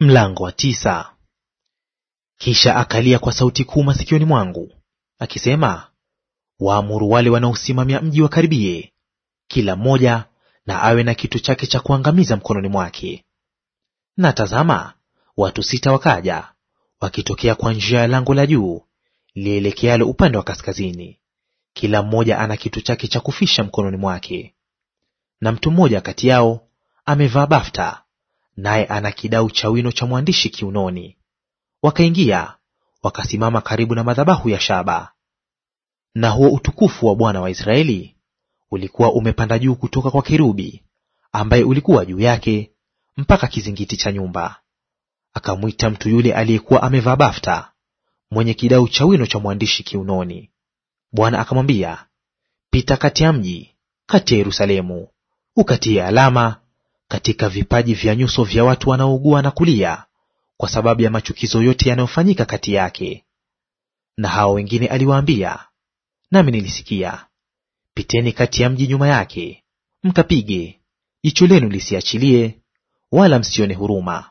Mlango wa tisa. Kisha akalia kwa sauti kuu masikioni mwangu akisema, waamuru wale wanaosimamia mji wakaribie, kila mmoja na awe na kitu chake cha kuangamiza mkononi mwake. Na tazama, watu sita wakaja wakitokea kwa njia ya lango la juu lielekealo upande wa kaskazini, kila mmoja ana kitu chake cha kufisha mkononi mwake. Na mtu mmoja kati yao amevaa bafta naye ana kidau cha wino cha mwandishi kiunoni. Wakaingia wakasimama karibu na madhabahu ya shaba. Na huo utukufu wa Bwana wa Israeli ulikuwa umepanda juu kutoka kwa kerubi ambaye ulikuwa juu yake mpaka kizingiti cha nyumba. Akamwita mtu yule aliyekuwa amevaa bafta, mwenye kidau cha wino cha mwandishi kiunoni. Bwana akamwambia, pita kati ya mji, kati ya Yerusalemu, ukatie alama katika vipaji vya nyuso vya watu wanaougua na kulia kwa sababu ya machukizo yote yanayofanyika kati yake. Na hao wengine aliwaambia, nami nilisikia, piteni kati ya mji nyuma yake, mkapige; jicho lenu lisiachilie, wala msione huruma.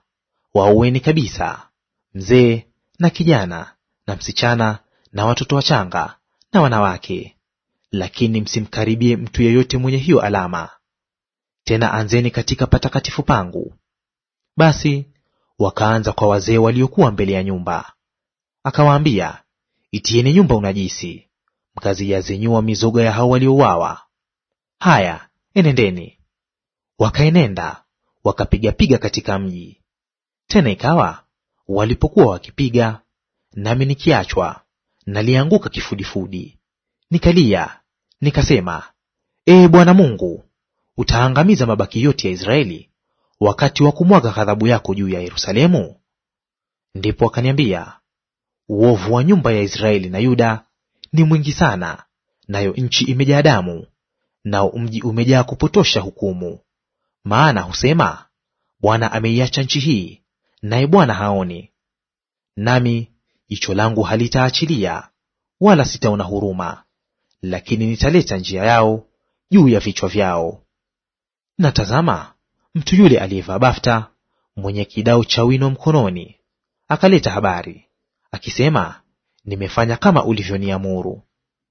Waueni kabisa, mzee na kijana na msichana na watoto wachanga na wanawake, lakini msimkaribie mtu yeyote mwenye hiyo alama, tena anzeni katika patakatifu pangu. Basi wakaanza kwa wazee waliokuwa mbele ya nyumba. Akawaambia, itieni nyumba unajisi, mkaziyazenyua mizoga ya hao waliouawa. Haya, enendeni. Wakaenenda wakapigapiga katika mji. Tena ikawa walipokuwa wakipiga, nami nikiachwa, nalianguka kifudifudi, nikalia nikasema, Ee Bwana Mungu, utaangamiza mabaki yote ya Israeli wakati wa kumwaga ghadhabu yako juu ya Yerusalemu? Ndipo akaniambia, uovu wa nyumba ya Israeli na Yuda ni mwingi sana, nayo nchi imejaa damu, nao mji umejaa kupotosha hukumu. Maana husema, Bwana ameiacha nchi hii, naye Bwana haoni. Nami jicho langu halitaachilia, wala sitaona huruma, lakini nitaleta njia yao juu ya vichwa vyao. Na tazama, mtu yule aliyevaa bafta mwenye kidau cha wino mkononi akaleta habari akisema, nimefanya kama ulivyoniamuru.